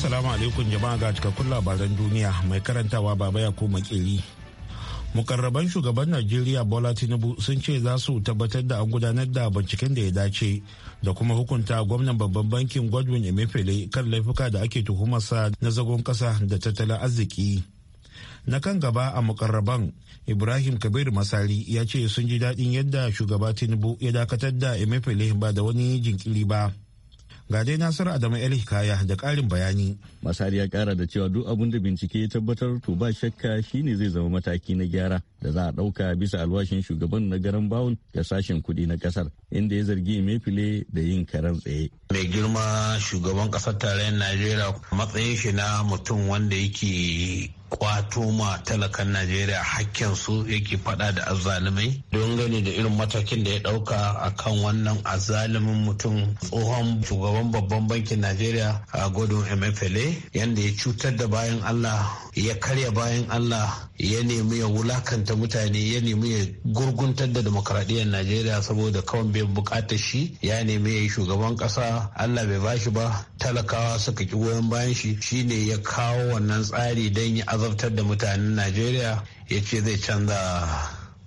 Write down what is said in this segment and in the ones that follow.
Assalamu alaikum jama'a ga cikakkun labaran duniya mai karantawa baba ya ko makili. Mukarraban shugaban Najeriya Bola Tinubu sun ce za su tabbatar da an gudanar da binciken da ya dace da kuma hukunta gwamnan babban bankin Godwin emefele kan laifuka da ake tuhumarsa na zagon kasa da tattalin arziki. na kan gaba a mukarraban ibrahim kabir masari ya ce sun ji daɗin yadda shugaba tinubu ya dakatar da emefele ba da wani jinkiri ba Ga dai Nasiru Adamu El Hikaya da karin bayani. Masari ya ƙara da cewa duk abin da bincike ya tabbatar to ba shakka shine zai zama mataki na gyara da za a ɗauka bisa alwashin shugaban na garan bawon da sashen kuɗi na ƙasar inda ya zargi Mefile da yin karan tsaye. Mai girma shugaban ƙasar tarayyar Najeriya matsayin shi na mutum wanda yake kwato ma talakan najeriya hakkinsu yake fada da azzalumai don gani da irin matakin da ya dauka kan wannan azzalumin mutum tsohon shugaban babban bankin najeriya a godon mfla yadda ya cutar da bayan allah ya karya bayan allah ya nemi ya wulakanta mutane ya nemi ya gurguntar da demokradiyyar najeriya saboda kawai bai bukatar shi ya nemi ya yi shugaban kasa allah bai bashi ba talakawa suka ki goyon bayan shi shine ya kawo wannan tsari don ya azabtar da mutanen najeriya ya ce zai canza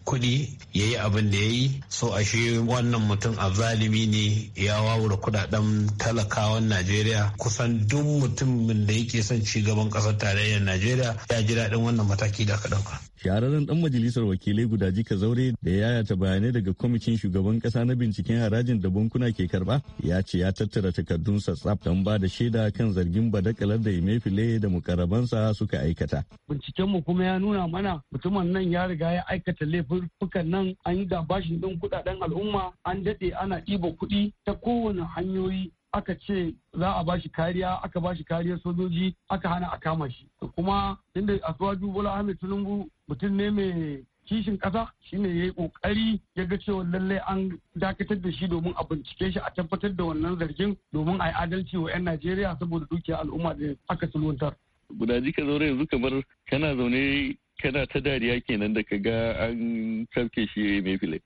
kuɗi ya yi abin da ya yi so ashe wannan mutum zalimi ne ya wawura kudaden talakawan najeriya kusan duk mutumin da yake son ci gaban ƙasar tarayyar najeriya ya ji daɗin wannan mataki da aka ɗauka shahararren dan majalisar wakilai guda jika zaure da ya yata bayanai daga kwamitin shugaban kasa na binciken harajin da bankuna ke karba ya ce ya tattara takardun tsaf don ba da shaida kan zargin badakalar da imefile da mukarabansa suka aikata. binciken mu kuma ya nuna mana mutumin nan ya riga ya aikata laifukan nan an yi da bashin din kudaden al'umma an dade ana ɗiba kuɗi ta kowane hanyoyi aka ce za a bashi kariya aka bashi kariyar sojoji aka hana a kama shi kuma inda asuwaju bola ahmed tinubu mutum ne mai kishin ƙasa shine ya yi ƙoƙari ya ga cewa lallai an dakatar da shi domin a bincike shi a tabbatar da wannan zargin domin a yi adalci wa 'yan najeriya saboda dukiyar al'umma da aka sulwantar. gudaji ka zaure yanzu kamar kana zaune kana ta dariya kenan da ka ga an karke shi mai file.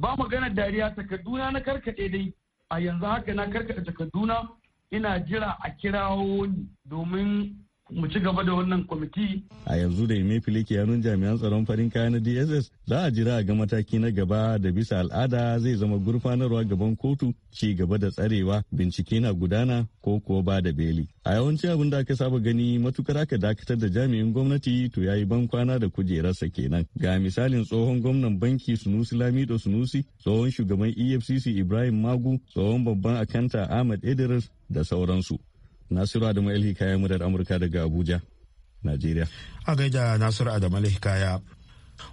ba maganar dariya takarduna na karkaɗe dai a yanzu haka na karkata takarduna ina jira a kirawo ni domin mu ci gaba da wannan kwamiti. A yanzu da Emefiele ke yanun jami'an tsaron farin kaya na DSS za a jira a ga mataki na gaba da bisa al'ada zai zama gurfanarwa gaban kotu ci gaba da tsarewa bincike na gudana ko kuwa ba da beli. A yawanci abin da aka saba gani matukar aka dakatar da jami'in gwamnati to ya yi bankwana da kujerarsa kenan. Ga misalin tsohon gwamnan banki Sunusi Lamido Sunusi, tsohon shugaban EFCC Ibrahim Magu, tsohon babban akanta Ahmad Idris da sauransu. Nasiru Adamu El Hikaya murar Amurka daga Abuja, Najeriya. A gaida Nasiru Adamu El Hikaya.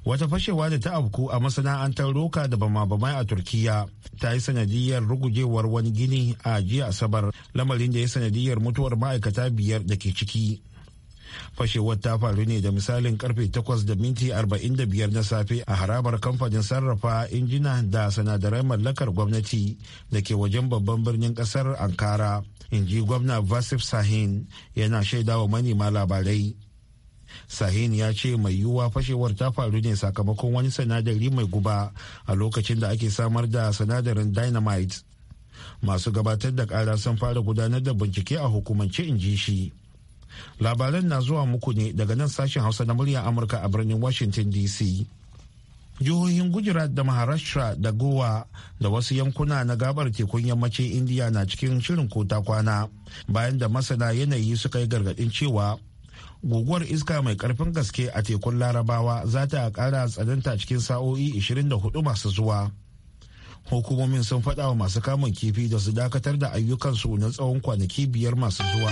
Wata fashewa da ta afku a masana'antar roka da bama-bamai a Turkiya ta yi sanadiyar rugujewar wani gini a jiya Asabar lamarin da ya sanadiyar mutuwar ma'aikata biyar da ke ciki. fashewar ta faru ne da misalin karfe takwas da minti biyar na safe a harabar kamfanin sarrafa injina da sanadarai mallakar gwamnati da ke wajen babban birnin kasar ankara in ji gwamna vasif sahin yana shaidawa manema labarai sahin ya ce mai yiwuwa fashewar ta faru ne sakamakon wani sanadari mai guba a lokacin da ake samar da sanadarin dynamite masu gabatar da kara sun fara gudanar da bincike a hukumance in ji shi labaran na zuwa muku ne daga nan sashen hausa na murya amurka a birnin washington dc jihohin Gujira da maharashtra da gowa da wasu yankuna na gabar tekun yammacin indiya na cikin shirin kota kwana bayan da masana yanayi suka yi gargadin cewa guguwar iska mai karfin gaske a tekun larabawa za ta kara tsananta cikin sa'o'i 24 masu zuwa hukumomin sun faɗa wa masu kamun kifi da su dakatar da ayyukansu na tsawon kwanaki biyar masu zuwa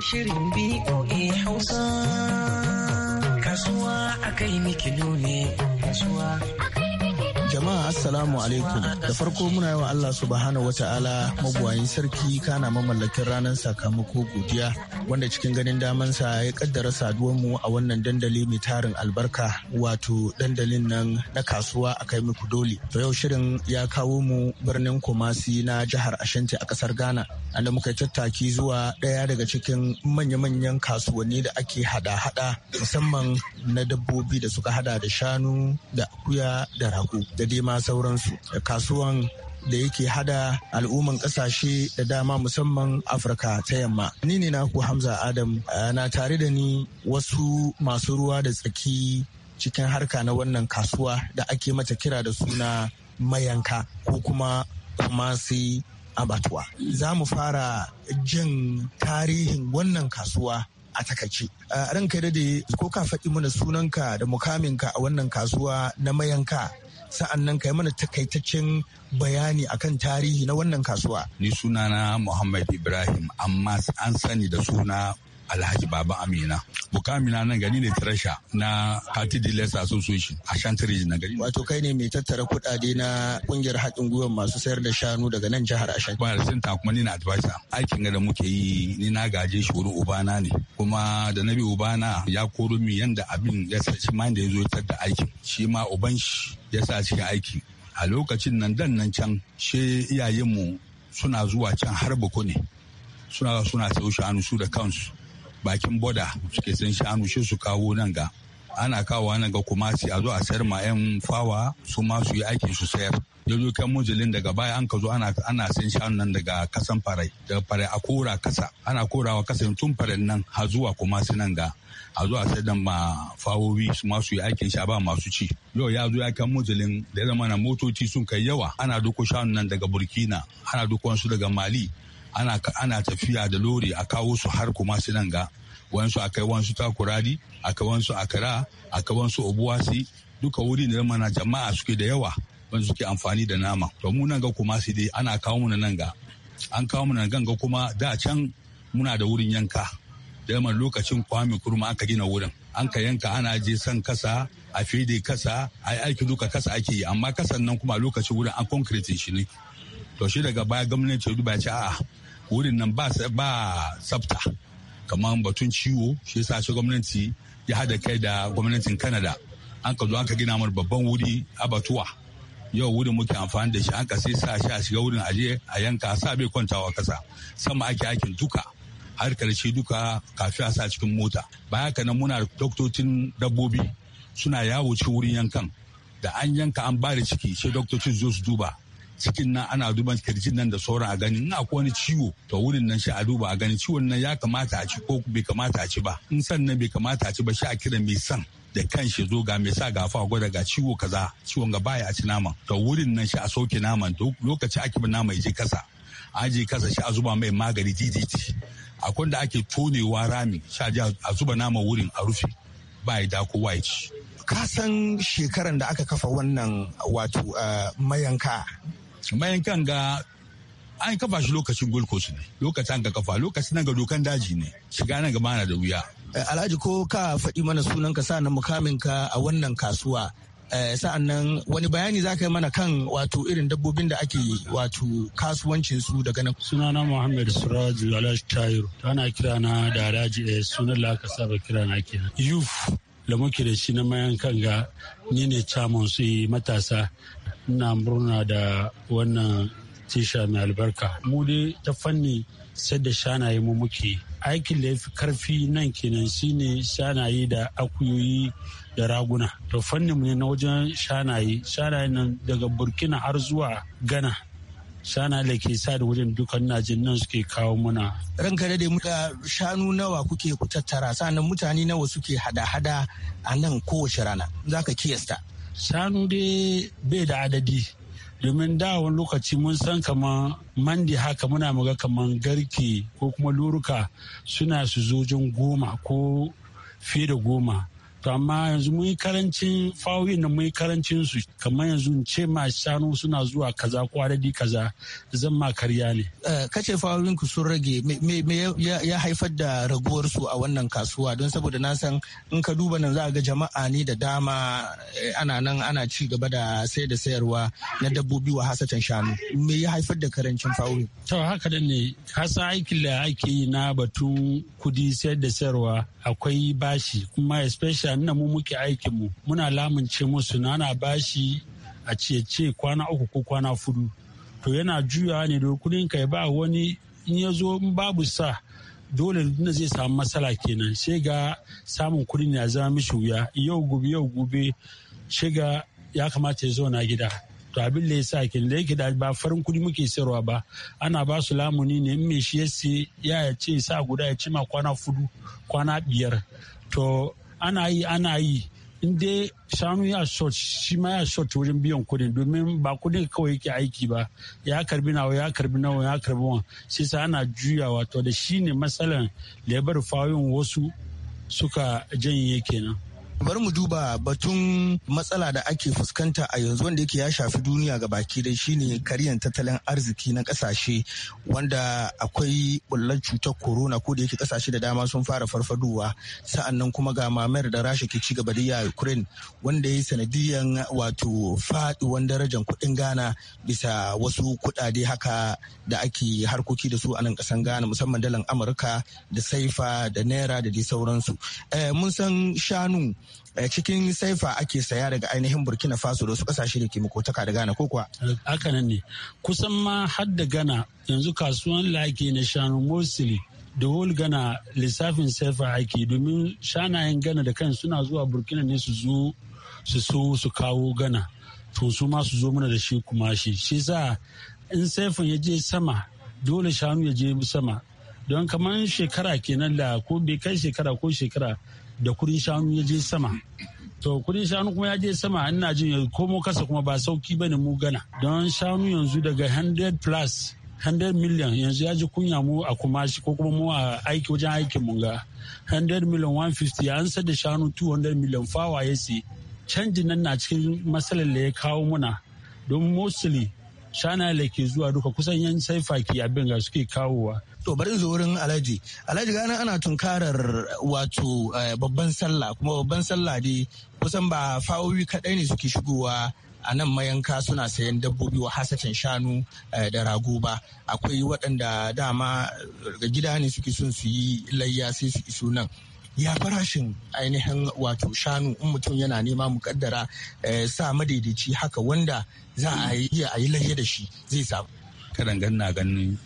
shirin BOA Hausa. Kasuwa akai miki nune, kasuwa Jama'a Assalamu alaikum. Da farko muna yawa Allah subhanahu wa ta'ala mabuwayin sarki kana mamallakin ranar sakamako godiya wanda cikin ganin damansa ya kaddara mu a wannan dandali mai tarin albarka wato dandalin nan na kasuwa a kai muku dole. To yau shirin ya kawo mu birnin Kumasi na jihar Ashanti a kasar Ghana. Anda muka tattaki zuwa ɗaya daga cikin manya-manyan kasuwanni da ake hada-hada musamman na dabbobi da suka hada da shanu da akuya da rago. da dima sauransu sauransu kasuwan da yake hada al'umman kasashe da dama musamman afirka ta yamma ni ne naku hamza adam na tare da ni wasu masu ruwa da tsaki cikin harka na wannan kasuwa da ake mata kira da suna mayanka ko kuma kumasi abatuwa za mu fara jin tarihin wannan kasuwa a takaice. Ranka dade ko ka faɗi mana sunanka da mukaminka a wannan kasuwa na mayanka sa'an nan ka yi mana takaitaccen bayani akan tarihi na wannan kasuwa. Ni sunana Muhammad Ibrahim amma an sani da suna alhaji baba amina bukamina nan gani ne tarasha na party dealers association a shantarij na gari wato kai ne mai tattara kuɗaɗe na kungiyar haɗin gwiwar masu sayar da shanu daga nan jihar ashanti ba da kuma ni na advisor aikin da muke yi ni na gaje shi wurin ubana ne kuma da na bi ubana ya koro mi yanda abin ya sace ma da ya zo ya da aikin shi ma uban shi ya sa cikin aiki a lokacin nan dan nan can she iyayenmu suna zuwa can har bako ne suna suna sayo shanu su da kansu bakin boda suke sun shanu shi su kawo nan ga ana kawo nan ga shi. a zo a sayar ma 'yan fawa su ma su yi aikin su sayar kan mujilin daga baya an ka zo ana ana san shanu nan daga kasan farai daga farai a kora kasa ana korawa kasa tun farai nan har zuwa kuma shi nan ga a zo a sayar da ma fawowi su ma su yi aikin shi ba masu ci yau ya zo ya kan mujilin da ya zama na motoci sun kai yawa ana duko shanu nan daga burkina ana duko su daga mali ana ana tafiya da lori a kawo su har kuma su nan ga wansu a kai wansu takurari a kai wansu akara a kai wansu obuwasi duka wuri ne mana jama'a suke da yawa wanda suke amfani da nama to mu nan ga kuma su dai ana kawo mu nan ga an kawo mu nan ga kuma da can muna da wurin yanka da lokacin kwami kurma aka gina wurin an ka yanka ana je san kasa a fide kasa a aiki duka kasa ake yi amma kasan nan kuma lokacin wurin an concrete shi ne to shi daga baya gwamnati ya duba ce a'a wurin nan ba tsafta kamar batun ciwo shi yasa shi gwamnati ya hada kai da gwamnatin kanada an ka zo an ka gina mana babban wuri batuwa yau wurin muke amfani da shi an ka sai sa shi a shiga wurin aje a yanka sa bai kwantawa kasa sama ake aikin duka har karshe duka kafin a sa cikin mota baya ka nan muna doktocin dabbobi suna yawo cikin wurin yankan da an yanka an ba da ciki sai doktocin zo su duba cikin nan ana duban kirjin nan da sauran a gani in akwai wani ciwo to wurin nan shi a duba a gani ciwon nan ya kamata a ci ko bai kamata a ci ba in sannan bai kamata a ci ba shi a kira mai san da kan shi zo ga mai sa gafa gwada ga ciwo kaza ciwon ga baya a ci naman to wurin nan shi a sauke naman lokaci ake bin nama je kasa aje kasa shi a zuba mai magani jijiji akwai da ake tonewa rami shi a zuba naman wurin a rufe ba ya dako wa ya ci ka shekaran da aka kafa wannan wato eh, mayanka bayan kan ga an kafa shi lokacin gulkos ne lokacin ga kafa lokacin nan ga dokan daji ne shiga nan ga na da wuya eh, alhaji ko ka faɗi mana sunan ka sa'an mukamin ka a wannan kasuwa eh, sa'an nan wani bayani za ka yi mana kan wato irin dabbobin da ake wato kasuwancin su daga nan sunana muhammad suraju alhaji tayiru ana kira na da alhaji eh, sunan la ka saba kira na ke yuf da muke da shi na mayan kanga ni ne camon su matasa ina murna da wannan tisha mai albarka mu dai ta fanni sai da shanaye mu muke aikin da ya fi karfi nan kenan shine shanaye da akuyoyi da raguna to fanni mu ne na wajen shanaye shanaye nan daga burkina har zuwa ghana shana da ke sa da wajen dukan najin nan suke kawo muna. Ranka da muka shanu nawa kuke ku tattara sannan mutane nawa suke hada-hada a nan kowace rana za ka kiyasta. shanu dai bai da adadi domin da wani lokaci mun san kamar mandi haka muna muga kamar garke ko kuma luruka suna su zojin goma ko fiye da goma to amma yanzu mun yi karancin fawoyin da mun yi karancin su kamar yanzu in ce ma shanu suna zuwa kaza adadi kaza zan ma karya ne eh, kace fawoyin ku sun rage me ya haifar da raguwar su a wannan kasuwa don saboda na san in ka duba nan za ga jama'a ne da dama eh, ana nan ana ci gaba da sai da sayarwa na dabbobi wa hasatan shanu me ya haifar da karancin fawoyin to haka da ne hasa aikin da ake yi na batun kudi sayar da sayarwa akwai bashi kuma especially mutanen mu muke aikin mu muna lamunce musu nana bashi a ce kwana uku ko kwana fudu to yana juyawa ne da kudin kai ba wani in ya zo in babu sa dole na zai samu matsala kenan sai ga samun kudin ya zama mishi wuya yau gobe yau gobe shiga ya kamata ya zo na gida to abin da ya sa kin da yake da ba farin kudi muke sayarwa ba ana ba su lamuni ne in me shi ya ce sa guda ya cima kwana fudu kwana biyar to ana yi ana yi in dai shanu ya short shi ma ya short wurin biyan kudin domin ba kudin kawai yake aiki ba ya karbi nawa ya karbi nawa ya karbi wa sai sa ana juyawa to da shi ne matsalan lebar fayon wasu suka janye kenan. bari mu duba batun matsala da ake fuskanta a yanzu wanda yake ya shafi duniya ga baki dai shine karyan tattalin arziki na kasashe wanda akwai bullar cutar corona ko da yake kasashe da dama sun fara farfadowa sa'annan kuma ga mamayar da rasha ke ci gaba da ukraine wanda ya yi sanadiyan wato faduwan darajar kuɗin ghana bisa wasu kuɗaɗe haka da ake harkoki da su a nan ƙasan ghana musamman dalan amurka da saifa da naira da dai sauransu eh, mun san shanu Eh, cikin saifa ake saya daga ainihin burkina faso da wasu kasashe da ke makotaka da ghana ko kuwa ne kusan ma har da ghana yanzu kasuwan lake na shanu mosili da whole gana lissafin saifa ake domin shanayen gana da kan suna zuwa burkina ne su zo su so su kawo ghana to su ma su zo mana da shi kuma shi shi sa in saifin ya je sama dole shanu ya je sama don kamar shekara kenan da ko bai kai shekara ko shekara da kudin shanu ya je sama to kudin shanu kuma ya je sama ina jin ya komo kasa kuma ba sauki bane mu gana don shanu yanzu daga 100 plus 100 million yanzu ya ji kunya mu a kumashi ko kuma mu a aiki wajen aikin mun ga 100 million 150 an da shanu 200 million fawa ya ce canjin nan na cikin matsalar da ya kawo muna don mostly shana da ke zuwa duka kusan yan saifaki abin ga suke kawowa to bari zo wurin alhaji alhaji gana ana tunkarar wato eh, babban sallah kuma babban sallah dai kusan ba fawowi kaɗai ne suke shigowa a nan mayanka suna sayan dabbobi wa hasashen shanu eh, da rago ba akwai waɗanda dama ga gida ne suke son su yi layya sai su iso nan ya farashin ainihin wato shanu in mutum yana nema mukaddara eh, sa madaidaici haka wanda za a yi layya da shi zai samu kadangan na ganin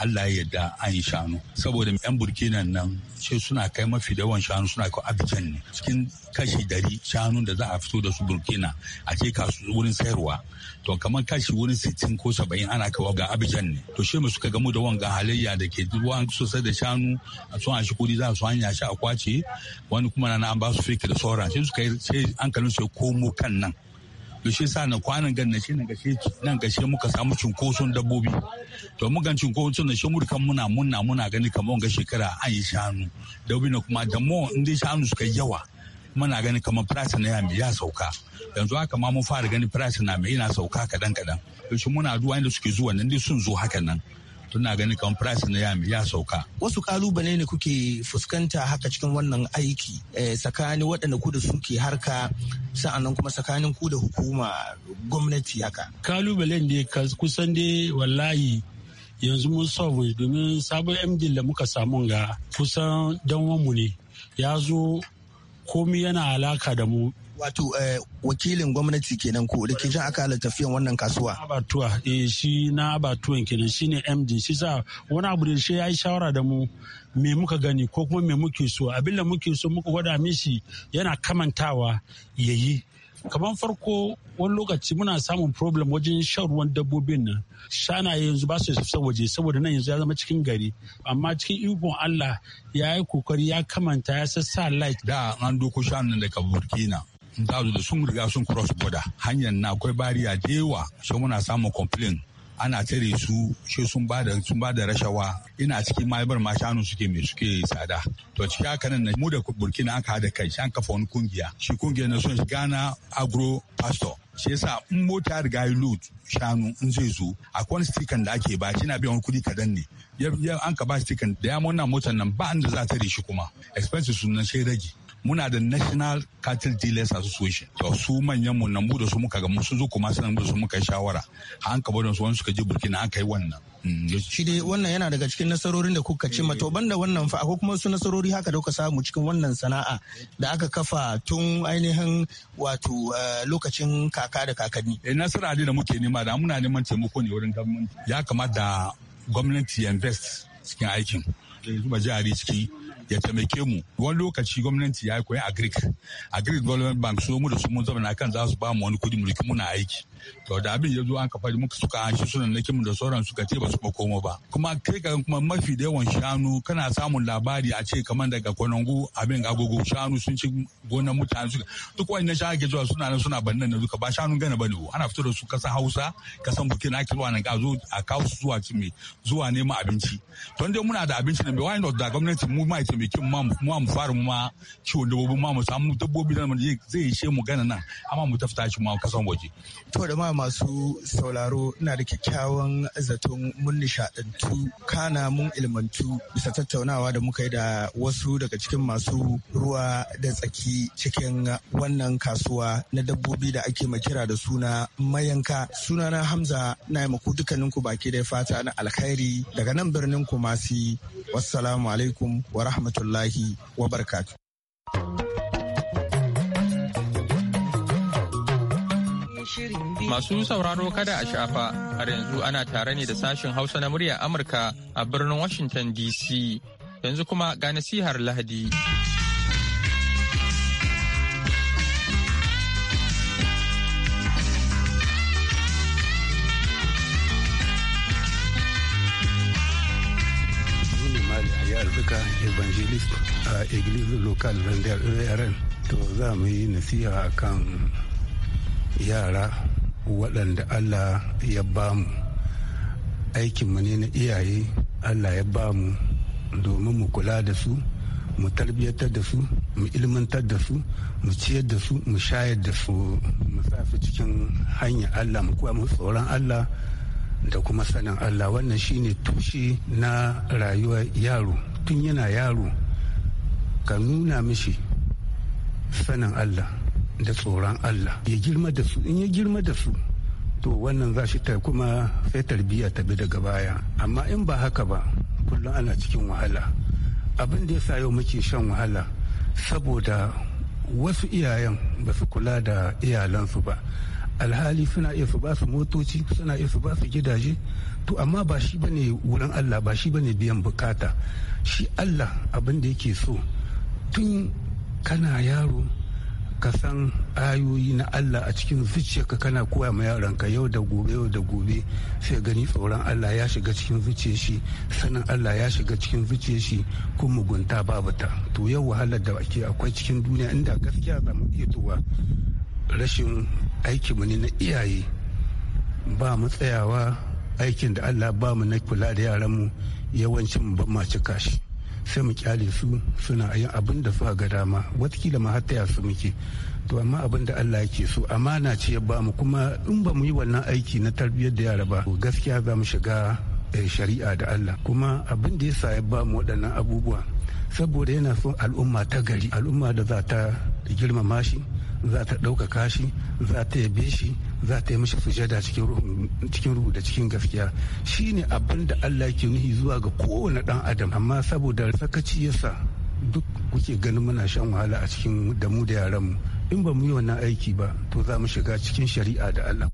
Allah ya yarda an yi shanu saboda yan burkina nan sai suna kai mafi yawan shanu suna kai abijan ne cikin kashi dari shanu da za a fito da su burkina a ce kasu wurin sayarwa to kamar kashi wurin sittin ko saba'in ana kawo ga abijan ne to shi suka gamu da wanga halayya da ke ruwan sosai da shanu a sun shi kudi za su hanya shi a kwace wani kuma na an ba su saura da sauran sai suka yi an kalin su komo kan nan da shi sa na kwanan gan na shi na gashe nan gashe muka samu cinkoson dabbobi to mu gan cinkoson na shi kan muna muna muna gani kamar ga shekara an yi shanu dabbobi na kuma da mu in dai shanu suka yawa muna gani kamar price na yami ya sauka yanzu haka ma mun fara gani price na mai yana sauka kadan kadan to shi muna duwa inda suke zuwa nan dai sun zo haka nan tuna ganin kamar price na yami ya sauka. Wasu kalubale ne kuke fuskanta haka cikin wannan aiki eh, tsakanin waɗanda ku da suke harka sa'annan kuma tsakanin ku da hukuma gwamnati haka. kalubale ne kusan dai wallahi yanzu mun sauwa domin sabon md da muka samu ga kusan danwanmu ne ya zo komi yana alaka da mu wato eh, wakilin gwamnati kenan ko da ke jan aka akalar tafiyan wannan kasuwa abatuwa eh shi na abatuwan kenan shine md shi sa wani abu da shi ya yi shawara da mu me muka gani ko kuma me muke so abin da muke so muka gwada mishi yana kamantawa yayi kamar farko wani lokaci muna samun problem wajen shan ruwan dabbobin nan shanaye yanzu ba su isa waje saboda nan yanzu ya zama cikin gari amma cikin ikon Allah ya yi kokari ya kamanta ya sassa light da an doko shanun daga burkina za da sun riga sun cross border hanyar na akwai bariya da yawa sai muna samun complain ana tare su shi sun ba da sun ba da rashawa ina cikin mayabar ma shanu suke mai suke tsada to cikin haka nan mu da burkina aka hada kai an kafa wani kungiya shi kungiya na son gana agro pastor shi yasa in mota riga yi loot shanu in zai zo akwai wani stikan da ake ba shi na biyan kudi kadan ne an ka ba stikan da ya mona motar nan ba inda za ta shi kuma expenses sun nan sai rage muna da national cattle dealers association to su manyan mu nan da su muka ga musu zo kuma sanan da su muka shawara an ka bada su wani suka je burkina an kai wannan mm, shi dai wannan yana daga cikin nasarorin da kuka cimma to eh. banda wannan fa akwai kuma su nasarori haka da kuka samu cikin wannan sana'a da aka kafa tun ainihin wato eh, lokacin kaka da kakanni eh nasara da muke nema da muna neman taimako ne wurin gwamnati ya kamata gwamnati ya invest cikin aikin eh, zuba jari ciki ya taimake mu wani lokaci gwamnati ya koyi agric agric government bank so mu da su mun zama kan za su ba mu wani kudi mulki muna aiki to da abin ya zo an kafa muka suka hanshi suna nakin mu da sauran suka ce ba su komo ba kuma kai ka kuma mafi da yawan shanu kana samun labari a ce kamar daga konongo abin agogo shanu sun ci gonan mutane suka duk wannan shanu ke zuwa suna nan suna bannan na duka ba shanun gana bane ana fito da su kasa Hausa kasan Burkina ake zuwa nan ka zo a kawo su zuwa zuwa neman abinci to dai muna da abinci ne why not da gwamnati mu ma ce. mai kyau mu mu fara mu ma kiwon dabbobin ma mu samu dabbobi da zai ishe mu gana nan amma mu tafta shi a kasan waje. To da ma masu sauraro na da kyakkyawan zaton mun nishadantu kana mun ilmantu bisa tattaunawa da muka yi da wasu daga cikin masu ruwa da tsaki cikin wannan kasuwa na dabbobi da ake ma kira da suna mayanka sunana Hamza na yi maku dukkaninku baki da fata na alkhairi daga nan birnin Kumasi wassalamu alaikum wa rahmatullahi rahmatullahi wa Masu sauraro kada a shafa, har yanzu ana tare ne da sashen Hausa na murya Amurka a birnin Washington DC. Yanzu kuma ga nasihar Lahadi. duka evangelist a iglesia local vendor rn to za mu yi nasiha kan yara waɗanda allah ya bamu aikinmu ne na iyaye allah ya bamu domin mu kula da su mu tarbiyyatar da su mu ilmantar da su mu ciyar da su mu shayar da su mu sa cikin hanyar allah mu kuwa mu tsoron allah da kuma sanin allah wannan shine tushe na rayuwar yaro tun yana yaro ka nuna mishi sanin Allah da tsoron Allah ya girma da su in ya girma da su to wannan za shi ta kuma sai tarbiyya ta bi daga baya amma in ba haka ba kullum ana cikin wahala abin da ya sa yau muke shan wahala saboda wasu iyayen ba su kula da iyalansu ba alhali suna iya su ba su motoci suna iya su ba su gidaje to amma ba shi bane wurin Allah ba shi bane biyan bukata shi allah abin da yake so tun kana yaro ka san ayoyi na Allah a cikin zuciyarka kana koya ma yaranka yau da gobe yau da gobe sai gani tsoron Allah ya shiga cikin zuciyar shi sanin Allah ya shiga cikin zuciyar shi ko mugunta babu ta to yau wahalar da ake akwai cikin duniya inda gaskiya za mu iya tuwa rashin aiki mu ne na iyaye ba mu tsayawa aikin da Allah ba mu na kula da yaran mu yawancin ban ma cika shi sai mu kyale su suna yin abin da suka ga dama watakila ma har taya su muke to amma abin da Allah yake so amana ce ya ba mu kuma in ba mu yi wannan aiki na tarbiyyar da yara ba gaskiya za mu shiga eh, shari'a da Allah kuma abin da yasa ya ba mu waɗannan abubuwa saboda yana son al'umma ta gari al'umma da za ta girmama shi za ta ɗaukaka shi za ta yabe shi za ta yi mashi sujada cikin ruhu da cikin gaskiya shine abin da Allah ke nuhi zuwa ga kowane ɗan adam amma saboda sakaci yasa duk kuke ganin muna shan wahala a cikin damu da yaran mu in ba mu yi wannan aiki ba to za mu shiga cikin shari'a da Allah.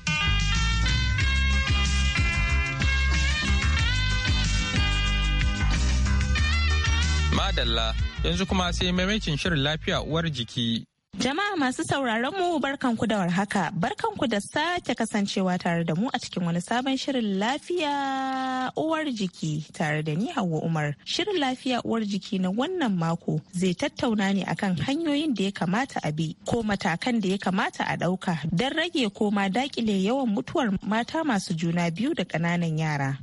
Madalla yanzu kuma sai maimakin shirin lafiya uwar jiki Jama'a masu sauraron mu barkanku da warhaka, barkanku da sake kasancewa tare da mu a cikin wani sabon shirin lafiya uwar jiki tare da ni Hauwa Umar. Shirin lafiya uwar jiki na wannan mako zai tattauna ne akan hanyoyin da ya kamata a bi ko matakan da ya kamata a ɗauka don rage ko ma daƙile yawan mutuwar mata masu juna biyu da ƙananan yara.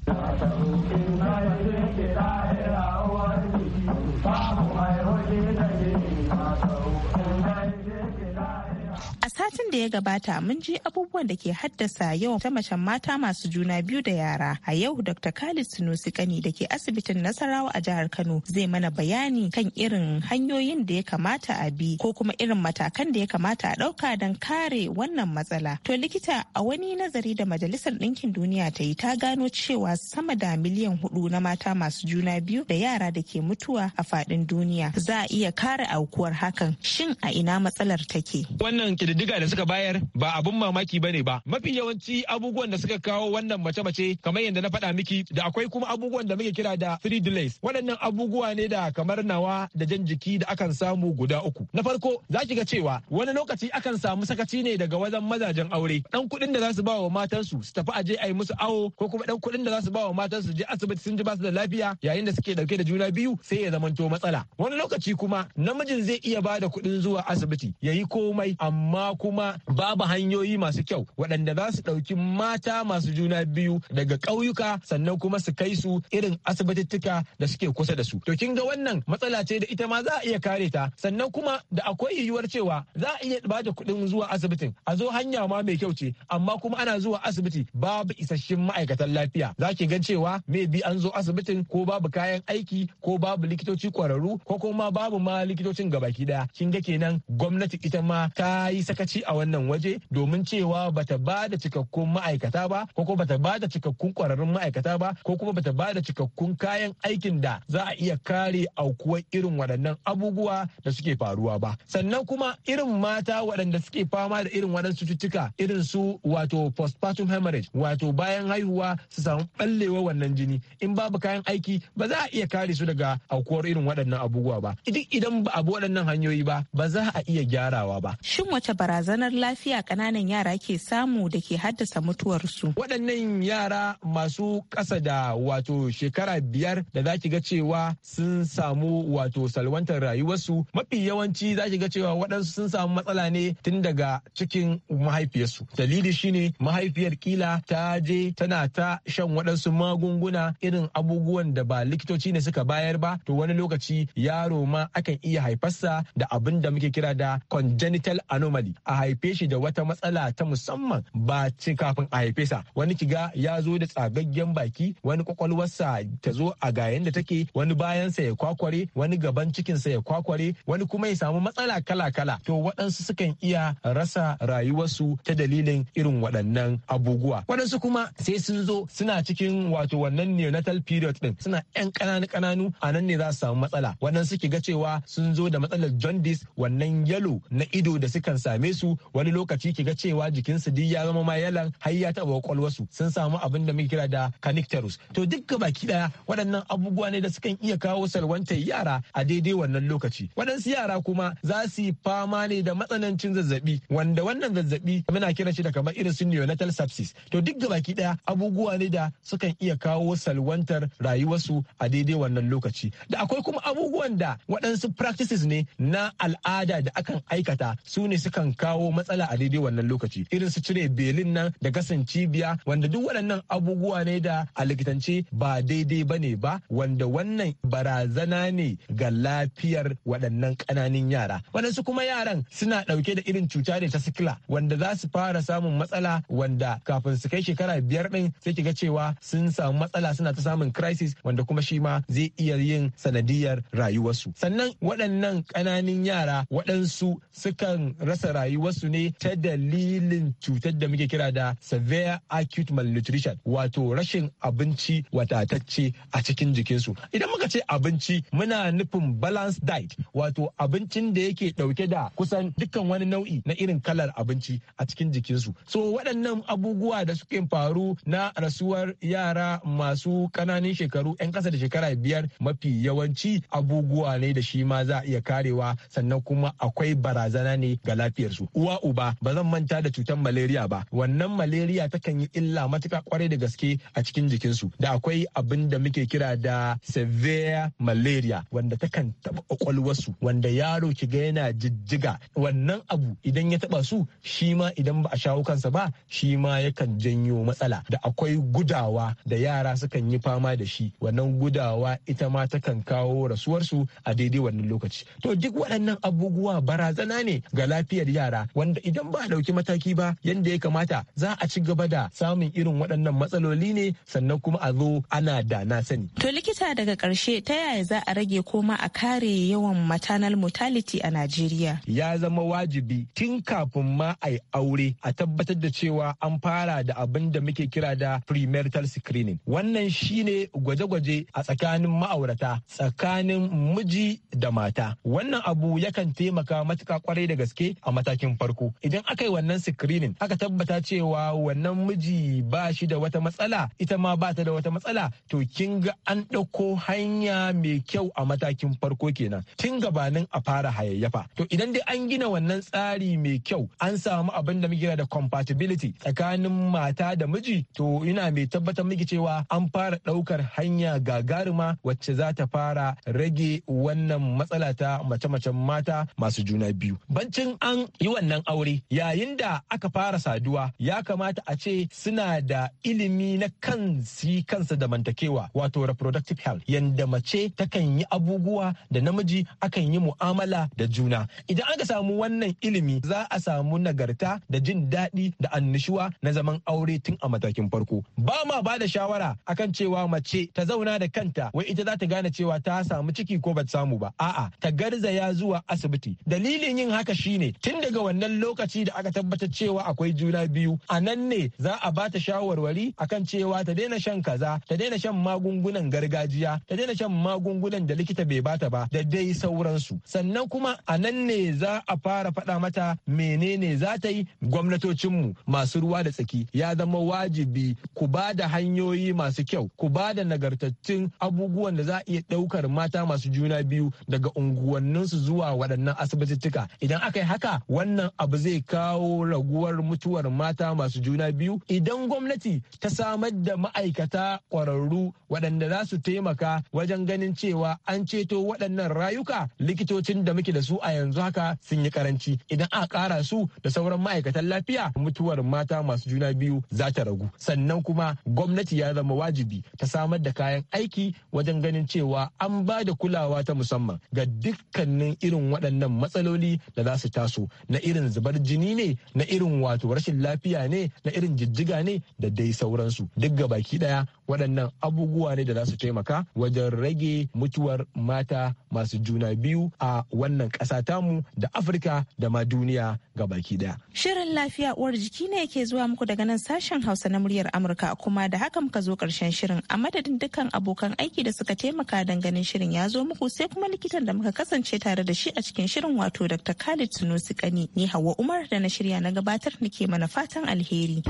satin da ya gabata mun ji abubuwan da ke haddasa yawan ta macen mata masu juna biyu da yara. A yau Dr. Khalid Sunusi Kani da ke asibitin Nasarawa a jihar Kano zai mana bayani kan irin hanyoyin da ya kamata a bi ko kuma irin matakan da ya kamata a ɗauka don kare wannan matsala. To likita a wani nazari da Majalisar Ɗinkin Duniya ta yi ta gano cewa sama da miliyan hudu na mata masu juna biyu da yara da ke mutuwa a faɗin duniya. Za a iya kare aukuwar hakan. Shin a ina matsalar take? Wannan kididdiga da suka bayar ba abun mamaki bane ba mafi yawanci abubuwan da suka kawo wannan mace-mace kamar yadda na faɗa miki da akwai kuma abubuwan da muke kira da three delays waɗannan abubuwa ne da kamar nawa da jan jiki da akan samu guda uku na farko za ki ga cewa wani lokaci akan samu sakaci ne daga wajen mazajen aure dan kuɗin da za su ba wa matansu su tafi aje a yi musu awo ko kuma dan kuɗin da za su ba wa matansu je asibiti sun ji ba su da lafiya yayin da suke dauke da juna biyu sai ya zamanto matsala wani lokaci kuma namijin zai iya ba da kuɗin zuwa asibiti ya yi komai amma kuma babu hanyoyi masu kyau waɗanda za su ɗauki mata masu juna biyu daga ƙauyuka sannan kuma su kai su irin asibitittuka da suke kusa da su to kin ga wannan matsala ce da ita ma za a iya kare ta sannan kuma da akwai yiwuwar cewa za a iya bada kuɗin zuwa asibitin a zo hanya ma mai kyau ce amma kuma ana zuwa asibiti babu isasshen ma'aikatan lafiya za ki ga cewa bi an zo asibitin ko babu kayan aiki ko babu likitoci kwararru ko kuma babu ma likitocin gabaki ɗaya kin ga kenan gwamnati ita ma ta yi sakaci a wannan waje domin cewa bata ba da cikakkun ma'aikata ba ko kuma bata ba da cikakkun kwararrun ma'aikata ba ko kuma bata ba da cikakkun kayan aikin da za a iya kare aukuwar irin waɗannan abubuwa da suke faruwa ba sannan kuma irin mata waɗanda suke fama da irin waɗansu cututtuka irin su wato postpartum hemorrhage wato bayan haihuwa su samu ɓallewa wannan jini in babu kayan aiki ba za a iya kare su daga aukuwar irin waɗannan abubuwa ba duk idan ba a bi waɗannan hanyoyi ba ba za a iya gyarawa ba shin wace barazana mummunar lafiya kananan yara ke samu da ke haddasa mutuwarsu. Waɗannan yara masu ƙasa da wato shekara biyar da za ki ga cewa sun samu wato salwantar rayuwarsu mafi yawanci za ki ga cewa waɗansu sun samu matsala ne tun daga cikin mahaifiyarsu. Dalili shine mahaifiyar kila ta je tana ta shan waɗansu magunguna irin abubuwan da ba likitoci ne suka bayar ba to wani lokaci yaro ma akan iya haifarsa da abin da muke kira da congenital anomaly a haife shi da wata matsala ta musamman ba ci kafin a haife sa wani kiga ya zo da tsagaggen baki wani kwakwalwarsa ta zo a gayen da take wani bayan sa ya kwakware wani gaban cikin sa ya kwakware wani kuma ya samu matsala kala-kala to waɗansu sukan iya rasa rayuwarsu ta dalilin irin waɗannan abubuwa waɗansu kuma sai sun zo suna cikin wato wannan neonatal period din suna yan ƙananu ƙananu a nan ne za su samu matsala waɗansu ki ga cewa sun zo da matsalar jaundice wannan yalo na ido da sukan same su wani lokaci ki ga cewa jikinsu duk ya zama ma yalan har ya taba kwakwalwarsu sun samu abin da muke kira da canicterus to duk baki daya waɗannan abubuwa ne da sukan iya kawo salwantar yara a daidai wannan lokaci waɗansu yara kuma za su yi fama ne da matsanancin zazzabi wanda wannan zazzabi muna kira shi da kamar irin su neonatal sepsis to duk baki daya abubuwa ne da sukan iya kawo salwantar rayuwarsu a daidai wannan lokaci da akwai kuma abubuwan da waɗansu practices ne na al'ada da akan aikata su ne sukan kawo matsala a daidai wannan lokaci irin su cire belin nan da kasan cibiya wanda duk waɗannan abubuwa ne da a likitance ba daidai ba ne ba wanda wannan barazana ne ga lafiyar waɗannan ƙananan yara waɗansu kuma yaran suna ɗauke da irin cuta ne ta sikila wanda za su fara samun matsala wanda kafin su kai shekara biyar ɗin sai ki ga cewa sun samu matsala suna ta samun crisis wanda kuma shi ma zai iya yin sanadiyar rayuwarsu sannan waɗannan ƙananan yara waɗansu sukan rasa rayuwarsu su ne ta dalilin cutar da muke kira da severe acute malnutrition wato rashin abinci wadatacce a cikin jikinsu idan muka ce abinci muna nufin balance diet wato abincin da yake dauke da kusan dukkan wani nau'i na irin kalar abinci a cikin jikinsu so waɗannan abubuwa da suke faru na rasuwar yara masu ƙananan shekaru 'yan ƙasa da shekara biyar mafi yawanci abubuwa ne da shi ma za a iya karewa sannan kuma akwai barazana ne ga lafiyarsu uwa uba ba zan manta da cutar malaria ba wannan malaria takan yi illa matuka kwarai da gaske a cikin jikinsu da akwai abin da muke kira da severe malaria wanda takan taɓa kwakwalwarsu wanda yaro ki ga yana jijjiga wannan abu idan ya taba su shi ma idan ba a shawo kansa ba shi ma yakan janyo matsala da akwai gudawa da yara sukan yi fama da shi wannan gudawa ita ma takan kawo rasuwarsu a daidai wannan lokaci to duk waɗannan abubuwa barazana ne ga lafiyar yara wanda idan ba a ɗauki mataki ba yadda ya kamata za a ci gaba da samun irin waɗannan matsaloli ne sannan kuma a zo ana da na sani. To likita daga ƙarshe ta yaya za a rage koma a kare yawan maternal mortality a Najeriya? Ya zama wajibi tun kafin ma a yi aure a tabbatar da cewa an fara da abin da muke kira da premarital screening. Wannan shine gwaje-gwaje a tsakanin ma'aurata tsakanin miji da mata. Wannan abu yakan taimaka matuka kwarai da gaske a matakin farko. farko idan aka yi wannan screening aka tabbata cewa wannan miji ba shi da wata matsala ita ma ba ta da wata matsala to kin ga an ɗauko hanya mai kyau a matakin farko kenan tun gabanin a fara hayayyafa to idan dai an gina wannan tsari mai kyau an samu abin da muke da compatibility tsakanin mata da miji to ina mai tabbatar miki cewa an fara ɗaukar hanya gagaruma wacce za ta fara rage wannan matsala ta mace-macen mata masu juna biyu bancin an yi wannan wannan aure yayin da aka fara saduwa ya kamata a ce suna da ilimi na kansi kansa da mantakewa wato reproductive health yanda mace takan yi abubuwa da namiji akan yi mu'amala da juna idan aka samu wannan ilimi za a samu nagarta da jin daɗi da annishuwa na zaman aure tun a matakin farko ba ma ba da shawara akan cewa mace ta zauna da kanta wai ita za ta gane cewa ta samu ciki ko ba ta samu ba a'a ta garzaya zuwa asibiti dalilin yin haka shine tun daga wannan wannan lokaci da aka tabbatar cewa akwai juna biyu a nan ne za a ba ta shawarwari akan cewa ta daina shan kaza ta daina shan magungunan gargajiya ta daina shan magungunan da likita bai bata ba da dai sauransu sannan kuma a nan ne za a fara faɗa mata menene za ta yi gwamnatocinmu masu ruwa da tsaki ya zama wajibi ku ba da hanyoyi masu kyau ku ba da nagartattun abubuwan da za a iya ɗaukar mata masu juna biyu daga unguwanninsu zuwa waɗannan asibitittuka idan aka yi haka wannan abu zai kawo raguwar mutuwar mata masu juna biyu idan gwamnati ta samar da ma'aikata ƙwararru waɗanda za su taimaka wajen ganin cewa an ceto waɗannan rayuka likitocin da muke da su a yanzu haka sun yi karanci idan a ƙara su da sauran ma'aikatan lafiya mutuwar mata masu juna biyu za ta ragu sannan kuma gwamnati ya zama wajibi ta samar da kayan aiki wajen ganin cewa an ba da kulawa ta musamman ga dukkanin irin waɗannan matsaloli da za su taso na irin irin zubar jini ne na irin wato rashin lafiya ne na irin jijjiga ne da dai sauransu duk ga baki daya waɗannan abubuwa ne da za su taimaka wajen rage mutuwar mata masu juna biyu a wannan ƙasa tamu da afirka da ma duniya ga baki daya shirin lafiya uwar jiki ne yake zuwa muku daga nan sashen hausa na muryar amurka kuma da haka muka zo karshen shirin a madadin dukkan abokan aiki da suka taimaka dangane shirin ya zo muku sai kuma likitan da muka kasance tare da shi a cikin shirin wato dr khalid sunusi kani ni Hauwa Umar da na shirya na gabatar nake mana fatan alheri.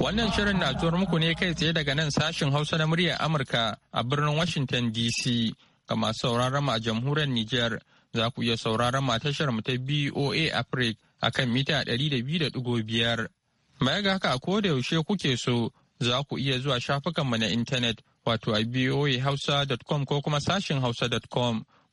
Wannan shirin na zuwar muku ne kai tsaye daga nan sashin Hausa na muryar Amurka a birnin Washington DC ga masu sauraron mu a jamhuriyar Nijar za ku iya sauraron mu a tashar mu ta BOA Africa a kan mita 200.5. Baya ga haka ko da yaushe kuke so za ku iya zuwa shafukanmu na intanet wato a boahausa.com ko kuma sashin hausa.com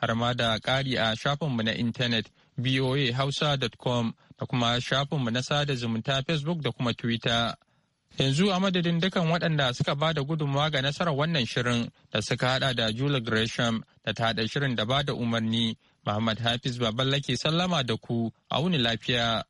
har ma da ƙari a shafinmu na intanet voahausa.com da kuma shafinmu na sada zumunta facebook da kuma twitter. Yanzu a madadin dukan waɗanda suka ba da gudunmawa ga nasarar wannan shirin da suka haɗa da jula Gresham da ta haɗa shirin da ba da umarni, Muhammad Hafiz lake sallama da ku, a wuni lafiya.